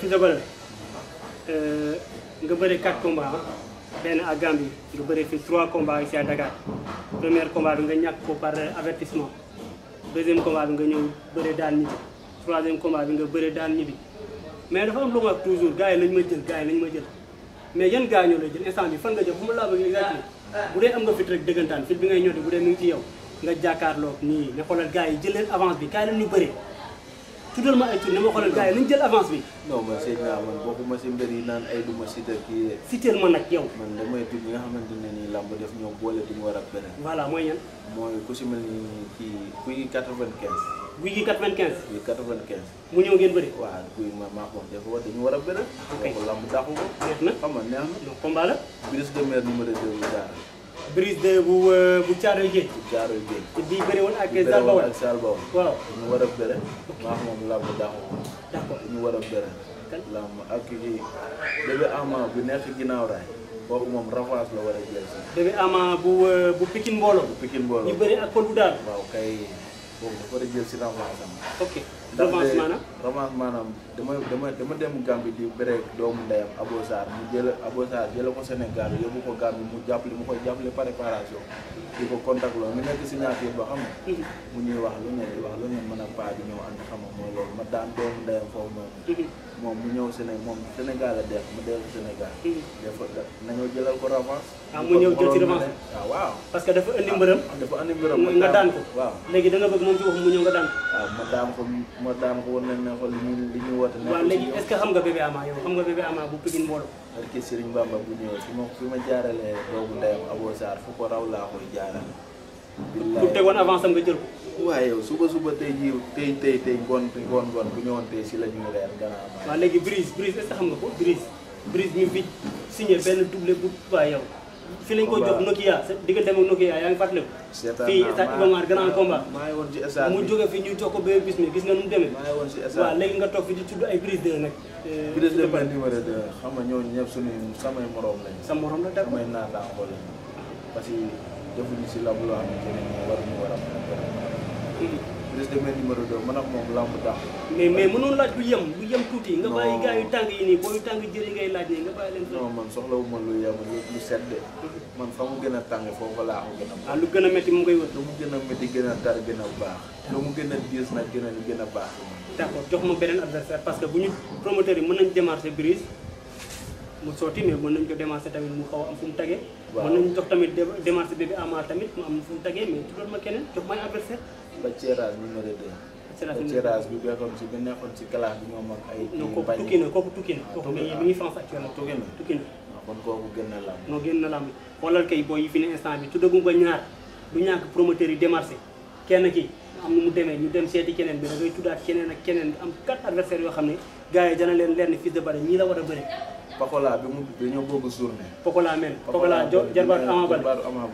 Fils de Balla nga bëre 4 euh, combats benn à Gambie nga bëre fii 3 combats ici à Dakar premier combat bi nga ñàkk ko par avertissement deuxième combat bi nga ñëw bëre daan ñibbi troisième combat bi nga bëre daan ñibbi mais dafa am lu ma toujours gars yi lañ ma jël gars yi lañ ma jël mais yan gars ñoo lay jël instant bi fan nga jël fu ma laa bëgg exactement ah. bu dee am nga fit rek dëggantaan fit bi ngay ñoddi bu dee mu ci yow nga jàkkaarloog nii ne xoolal gars yi jël leen avance bi kaay leen ñu bëre tuddal ma ay tur ne ma xoolal gars yi nañ jël avance bi. non man sëñ naa ah, man bokkuma si mbir yi naan ay duma si dëkk yi ma nag yow. man damay tudd nga xamante ne nii làmb def ñoo boole duñu war a beneen. voilà mooy ñan. mooy ku si mel ni kii kuy gi 95. guy gi 95. guy 95. mu ñëw ngeen bëri. waaw guy ma maa ko def wax dañu war a bëri. Ah, ok kooku lamb dàqu ko. neex na xam nga neex na. donc combat la. Brise de bu euh, bu Caaroy Géej. bu Caaroy Géej. te bii bëri woon ak Zal Bawol ak Zal Bawol. waaw a bëre. maa moom làmb daaxoo. d'accord ñu war a bëre. làmb ak kii bébé Ama bu nekk ginnaaw raay. boobu moom revanche la war a jël si. bébé bu euh, bu Pikine mbooloo. bu Pikine mbooloo ñu bëri ak Poldou daal. boobu dafa war a jël si revanche am. ok revanche maanaam ndaxte dama dama dama dem Gambie di bëreeg doomu ndeyam Abo mu jël Abo Sarr jëlee ko Sénégal yóbbu ko Gambie mu jàppale mu koy jàppale préparation. di ko contact loolu mu nekk signature ba xam ne. Mhm. mu ñuy wax lu ne wax lu ne mën a paa di ñëw ànd xam nga mooy loolu ma daan doomu ndeyam foofu noonu. Mhm. moom mu ñëw Sénégal moom Sénégal la def mu dellu Sénégal. dafa nañoo jëlal ko revanche. ah mu ñëw jël ci revanche waaw ah, waaw. parce que dafa indi mbërëm. Ah, dafa indi mbërëm nga daan ko. waaw léegi da nga bëgg moom ci wax mu ñëw nga daan ko. waaw ah, ma daan ko ma daan ko war nañ ne ko li ñu li ñu woote. waaw léegi est-ce que xam nga bébé Ama yow xam nga bébé Ama bu Pikine mbooloo. parce que Serigne Bamba bu ñëwee fi ma fi ma jaaralee doomu ndeyam Abo Sarr fu ko raw laa koy jaarale. billaay bu tegoon avance am nga jël ko waaye yow suba suba tey jii tey tey tey ngoon ngoon ngoon bu ñëwoon tey si la ñuy reer gannaaw. waaw léegi Brice Brice est-ce que xam nga ko Brice Brice ñu fi signé benn doublé bu waaye yow. fii lañ ko jox Nokia diggante moom Nokia yaa ngi fàttaliku. seetaan naa fii stade Iba Mar grand combat. maa ngi woon ci stade mu jóge fii ñu jox ko bébé bis mi gis nga nu mu demee. maa ngi woon ci stade waaw léegi nga toog fi eh, eh, di tudd ay Brice 2 nag. Brice 2 man numéro 2 xam nga ñooñu ñëpp suñu samay morom lañ. sa morom la d'accord samay naataangoo lañ parce que defuñu si lamb loo xamante ne war ñu war a ministre de main numéro 2 kan, man ak mom lamb tax mais mais mënon laaj bu yem bu yem tuuti nga bàyyi gars yu tàng man soxlawu ma lu ya, lu lu set man kamu gak gën a tàng foofu aku gak nentang. Ah, lu gën a lu gak nanti gak métti gak a lu mu nanti a diis gak gën a gën a baax d' accord jox ma beneen adversaire parce que bu ñu promoteur yi mën nañ démarcher brise mu sotti mais mën nañ ko démarcher tamit mu tamit tamit ba Thierras numéro 2. ba Thierras bi nekkoon ci bi nekkoon ci classe bi moom ak ay. bañ tukki na kooku tukki na ah, kooku mi ngi France actuellement na tukki na. Ah, kon kooku gën na lamb. non gën xoolal kay booy yi fi ne instant bi tuddagum ba ñaar du ñàkk promoteur yi démarché kenn ki am nu mu demee ñu dem seeti keneen bi da ngay tuddaat keneen ak keneen am quatre adversaires yoo xam ne gars yi dana leen leer ne fils de Balla ñii la war a bëre. Pokola bi mu dañoo bëgg journée. Pokola mel Pokola jarbaatu Ama Baldé jarbaatu Ama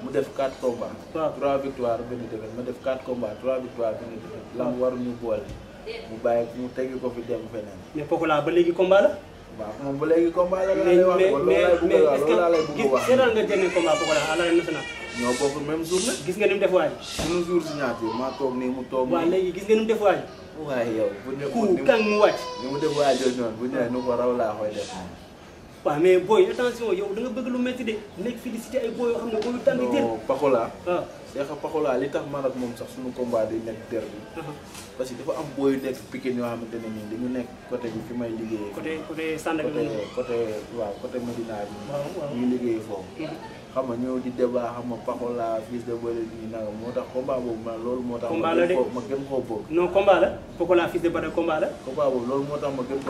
mu def 4 combats. waaw 3 victoire benn défaite ma def 4 combats 3 victoire benn défaite. lam waruñu boole. mu bàyyi mu tegi ko fi dem feneen. mais ba léegi combat waaw moom ba léegi combat la lay wax mais mais est-ce que gis seetal nga jënd combat bu ko def à l'arène nationale. ñoo bokk même jour la. gis nga ni mu def waay. suñu jour si ñaati maa toog nii mu toog. waaw léegi gis nga ni mu def waay. waaye yow bu ñu ku kan mu wàcc. ni mu def waay jooju noonu bu ñu nee nu ko raw laa koy def. waaw mais booy attention yow da nga bëgg lu métti de nekk félicité ay booy yoo xam ne booy yu tàng jër. non Pakola. waaw. Ah. Seexa Paxulaa li tax man ak moom sax suñu combat di nekk der bi parce dafa am booyu nekk Pikine yoo xamante ne nii dañu nekk côté bi fi may liggéeyee. côté côté Sandaga côté côté waaw côté Medina bi. ñu liggéey foofu. Mhm. xam di débat xam nga Paxulaa moo tax combat moo tax. ma gën koo bëgg. non moo tax ma gën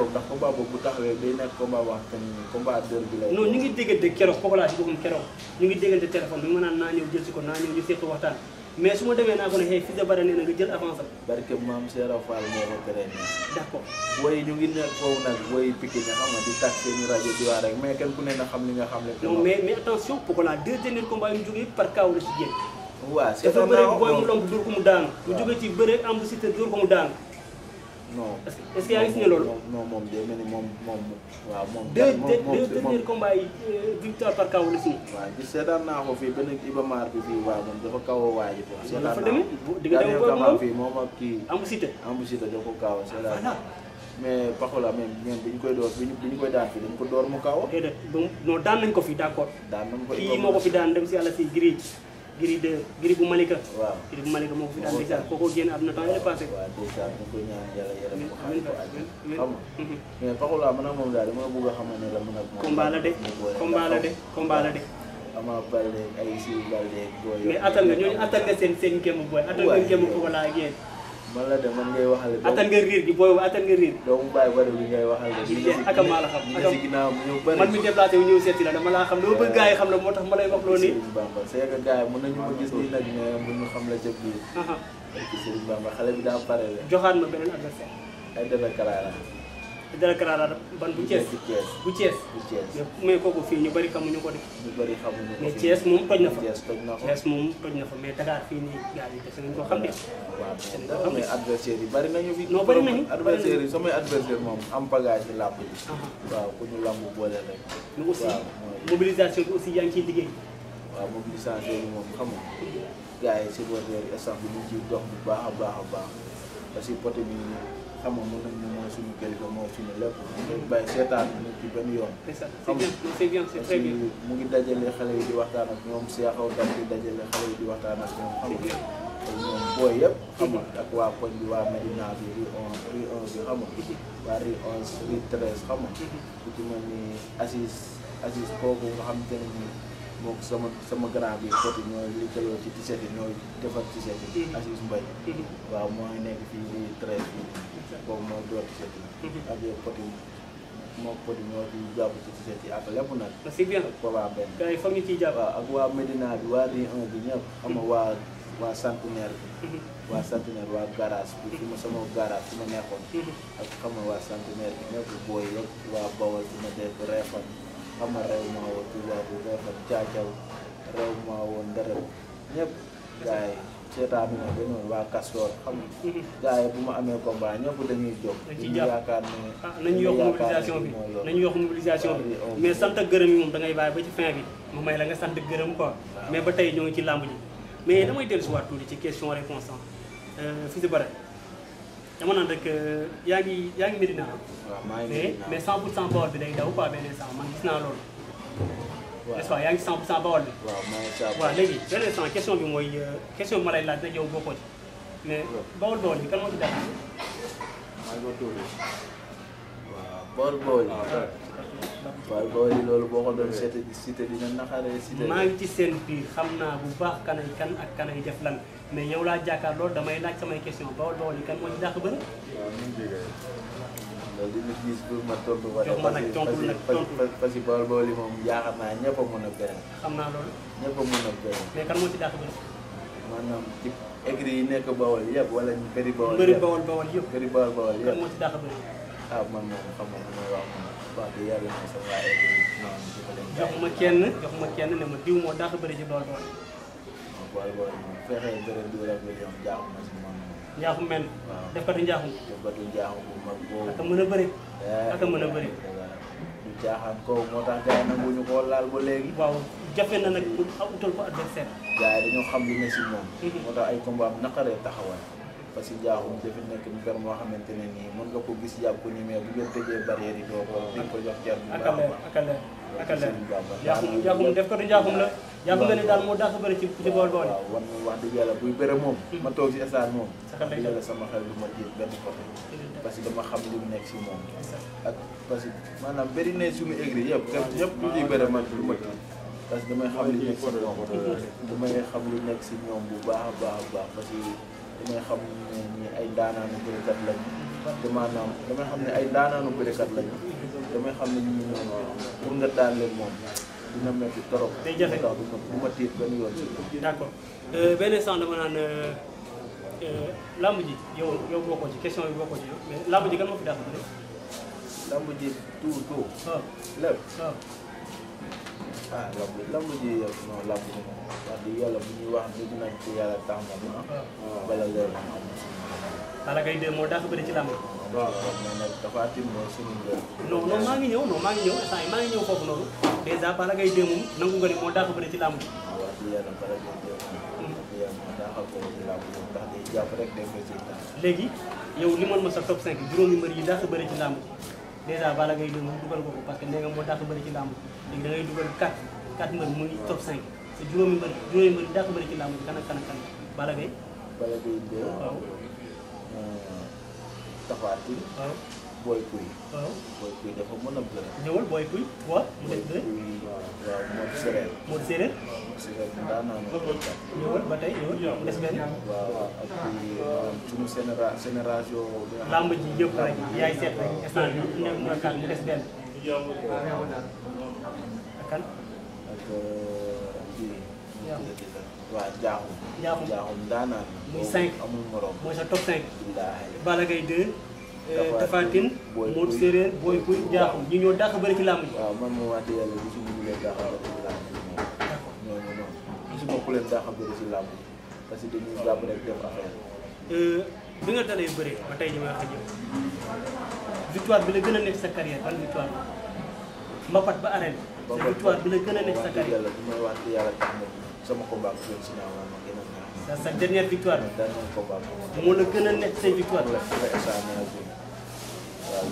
bu taxawee day nekk combat boo xamante bi lay. non ñu ngi déggante naa ñëw jël ko naa ñëw ñu seetu waxtaan mais su ma demee naa ko ne xëy fii de bare nee na nga jël avance am. barke maam Seera Fall moo ko tere nii. d' accord booy ñu ngi nekk foofu nag booy picc nga xam nga di tax seeni rajo di waa rek mais kenn ku ne na xam li nga xam ne. non mais mais attention Pokola deux derniers combats yu mu jógee par kaw la ci jël. waaw c' est dafa bëri booy mu lonk dóor ko mu daanu. mu jógee ci bëre am lu si te dóor ko mu daanu. non est que yaa ngi signé loolu. non moom day mel ni moom moom waaw moom. deux deux derniers combats yi euh, victoire par kaw la signé. waaw gis seetaan naa ko fii benn Iba Mar bi fii waaw moom dafa kaw a waaj. dafa demee bu dafa fii moom ak kii. Ambusité da ko kaw seetaan mais door bi ñu door mu kaw. déedéet non daan nañ ko fi d'accord. daan nañ ko kii moo ko fi daan dem si àll si Gris. Gris de Gris bu Malika. waaw Gris bu Malika moo ko fi daan di sax kooku génn àdduna temps yii passé. waaw waaw déjà bu ko ñaan yàlla yàlla mu mhm. a xamal la de combat la de combat la de. Ama Baldé ay si Baldé. mais attan nga ñooñu attan nga seen seen kéem booy. attan nga kéem Paxula ak yéen. man la de man ngay waxale. attan nga riir gi booy booy attan nga riir. doomu baay bari bi ngay waxal de. lii de ak maa la xam ak si ginnaaw ñëw bari. man mi déplacé wu ñëw seeti la dama laa xam dama bëgg gars xam la moo tax ma lay wax loo nii. Serigne Bamba c'est que gars yi mën nañu ma gis nii nag mais mën Bamba xale bi daa pare la. joxaat ma beneen adversaire. ay dana kalaay la. Hydra Kara ban bu Thiès bu Thiès mais kooku fii ñu bëri xamuñu ko ñu bëri xamuñu ko mais Thiès moom toj na fa Thiès moom toj na fa mais Dakar fii nii gars yi des nañ ko xam ne adversaire yi bëri nañu fi non bëri nañu adversaire yi samay adversaire moom am bagage ci làmb bi waaw ku ñu làmb boole rek bi baax a baax a baax parce que côté bi xam nga mën nañu mooy suñu kilifa mooy suñu lépp mu ngi mu ngi dajale xale yi di waxtaan ak ñoom seexaw tam di dajale xale yi di waxtaan ak ñoom xam nga ñoom yëpp xam ak waa koñ bi waa Medina bi rue onze rue onze bi xam nga waa rue onze rue treize ku ci mel ni Assis Assis kooku nga xam te ne nii sama sama grand bi côté ñooy liggéeyoo ci tiset yi ñooy defar tiset yi mm-hmm. Assis Mbaye mm-hmm. waaw mooy nekk fii rue treize bi door ci seeti nag mhm. ak yow poti moo poti ñoo lépp nag ah, c'est bien ko waa benn gars yi foog ñu ciy ak waa Médina bi waa Rue 1 bi ñëpp xam mhm. waa waa centenaire bi mhm. waa centenaire waa garage bi fi ma sama garage fi ma nekkoon ak xam nga waa centenaire bi ñëpp booy yëpp waa Bawol fi ma dégg reefan xam nga reew woon Tuubaa bu reefan seetaan bi nag dañoo waa Kastoor xam nga. Mm-hmm. gars yi bu ma amee combat ñëpp dañuy jóg. dañ ciy jàpp yaakaar ne ah nañu yokk mobilisation bi nañu yokk mobilisation bi. mais sant ak gërëm yi moom da ngay ba ci fin bi mu may la nga sant ak gërëm quoi. mais ba tey ñoo ngi ci làmb ji. mais damay dellusiwaat tuuti ci question réponse fii si bare dama naan rek euh, yaa ngi yaa ngi Médina. maa ngi mais mais 100 pour 100 Baol bi day daw quoi benn instant man gis naa loolu. n'est-ce pas yaa ngi sans sans bi waaw léegi beneen sans question bi mooy euh, question bi ma lay laaj nag yow bokkoo ci mais ah, loolu boo ko doon seete cité dina naxaree cité maa ngi ci seen biir xam naa bu baax kanay kan ak kanay def lan mais yow laa jàkkaar loolu damay laaj samay question bawal bawal yi kan moo ci dàq bëri loolu li ñu gis ma tontu wala parce que parce que bool bool yi moom yaakaar naa ñëpp a mën a bëri. xam naa loolu. ñëpp a mën a bëri. mais kan moo ci dàq bëri. maanaam ci écrit yi nekk bawol yëpp wala ñu bëri bawol. bëri bawol bawol yëpp bëri bawol bawol yëpp. kan moo ci dàq bëri. ah man moom xam nga mooy wax wax dëgg yàlla na sa waa écrit non jox ma kenn jox ma kenn ne ma diw moo dàq bëri ci bawol bawol. waaw bawol bawol moom bu fekkee bëri du rek la ñoom jaaxu ma si moom njaaxum mel. waaw def katu njaaxum. def katu njaaxum bu mag boobu. ak a mën a bëri. Eh, ak mën a bëri. du caaxaan kooku moo tax gars yi nanguwuñu koo laal ba léegi. waaw jafe na nag pour utal ko adversaire. gars yi dañoo xam li ne si moom. Mhm. moo tax ay combat am naqaree taxawal. parce que njaaxum dafa nekk mbir moo xamante ne mën nga ko gis yàgg ko bu ngeen tëjee barrière yi a baax ak a leer ak a njaaxum la. jàpp nga ne daal moo dàq bëri ci ci bool bool waaw wan wax dëgg yàlla buy bëre moom ma toog si stade moom yàlla sama parce que dama xam li mu nekk si moom ak que maanaam bëri na suñu aigri yëpp yëpp lu ñuy ma jiit parce que damay xam li nekk si ñoom bu baax a baax a baax parce que damay xam ne ñi ay daanaanu bërekat lañ te maanaam damay xam ne ay daanaanu bërekat lañ damay xam ne ñi pour nga daan leen moom dina métti trop. day jafe waaw du ma du ma tiit benn yoon. d' accord euh, benn instant dama naan euh, euh, làmb ji yow yow bokkoo ci question bi bokkoo làmb ji kan ma fi dàq bëre. làmb ji tout tout. waaw ah. lépp. waaw. ah, ah làmb làmb ji yow non làmb ji wax dëgg yàlla bu ñuy wax dëgg nañ ci yàlla tax Balla Gaye 2 moo dàq bëri ci làmb. waaw mais maa ngi ñëw non maa ñëw instant yii maa ngi ñëw foofu noonu dèjà Balla Gaye 2 moom nangu nga bëri ci làmb. waaw ci yàlla Balla léegi yow li ma sa top 5 juróomi mbër yi dàq bëri ci làmb dèjà Balla Gaye 2 moom dugal ko parce que nee bëri ci làmb léegi da ngay dugal 4 4 mbër mu ngi top 5 te juróomi mbër juróomi mbër yi dàq bëri ci làmb kan ak kan ak kan Euh, Tafaati. waaw Boy Pouy. waaw Boy Pouy dafa mën a bëre. ñëwal Boy Pouy waaw mu def bëre. waaw Modou Séréer. Modou Séréer. Modou Séréer daa naa ñëwal ba tey ñëwal des benn. waaw ak suñu généra génération. làmb ji yëpp rek yaay seet rek nekk mu kan waaw jaaxum. jaaxum jaaxum daanaan. muy 5 amul morom mooy sa top 5. Balla Gaye 2. Euh, Tapha Tine Modou Sérère Boy jaaxum ñu ñoo dàq bëri bëri ci làmb parce que dañuy jàpp rek def affaire. Euh, bi nga dalee bëree ba tey ñu may wax victoire bi la gën a nekk sa carrière ban victoire mbapat ba arène. sa victoire bi la gën a nekk sa carrière. yàlla bu may waat yàlla tax na sama combat bu jëm si naaw la ma gën a neex. sa dernière victoire bi. dernier combat moo la gën a nekk say victoire. waaw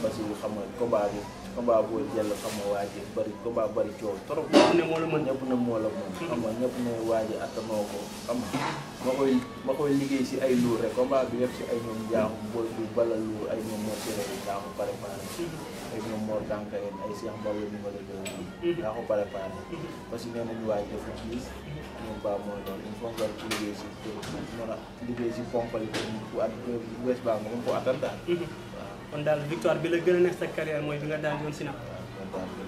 parce que xam nga combat bi. combat booy jël xam nga waa ji bëri combat bëri coow trop. ñëpp ne moo la mën ñëpp ne moo la mën. xam nga ñëpp ne waa ko xam si ay luur rek combat bi yëpp si ay ñoom jaaxum booy bi bala luur ay ñoom moo séeréer yi daa ko préparé. ay ñoom moo dànkayeen ay Cheikh Mbaye a attantaan. kon daal victoire bi la gën a neex sa carrière mooy bi nga daan yoon Sina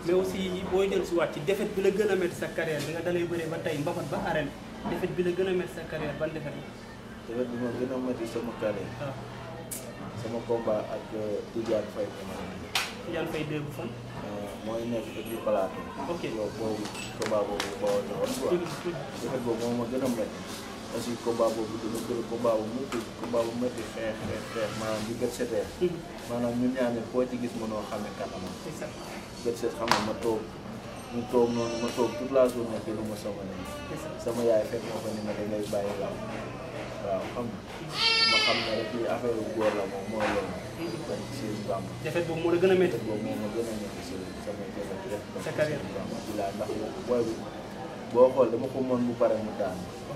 mais aussi booy jël si waat ci bi la gën a métti sa carrière bi nga dalay bëree ba tey mbapat ba arène défaite bi la gën a métti sa carrière ban défaite la. bi ma gën a métti sama carrière. Ah. sama combat ak euh, Tidiane Faye. Tidiane Faye dégg fan. Euh, mooy nekk di plateau. ok boobu combat boobu boo woon. défaite boobu moom moo gën a métti. aussi combat boobu dina gën a combat bu métti xeex xeex maanaam di gët mm-hmm. maanaam ñun ñaar ne koo ci gis mënoo xame kanama gët xam nga ma toog ñu toog noonu ma toog toute la journée te lu ma sama ne sama yaay fekk ma fa ni ma da bàyyi law waaw xam ma xam ne rek lii affaire bu góor la moom mooy loolu mm-hmm. ma gën a métti si sama defet rek sa carrière Bamba di laa ndax boo xool dama ko mën bu pare mu daan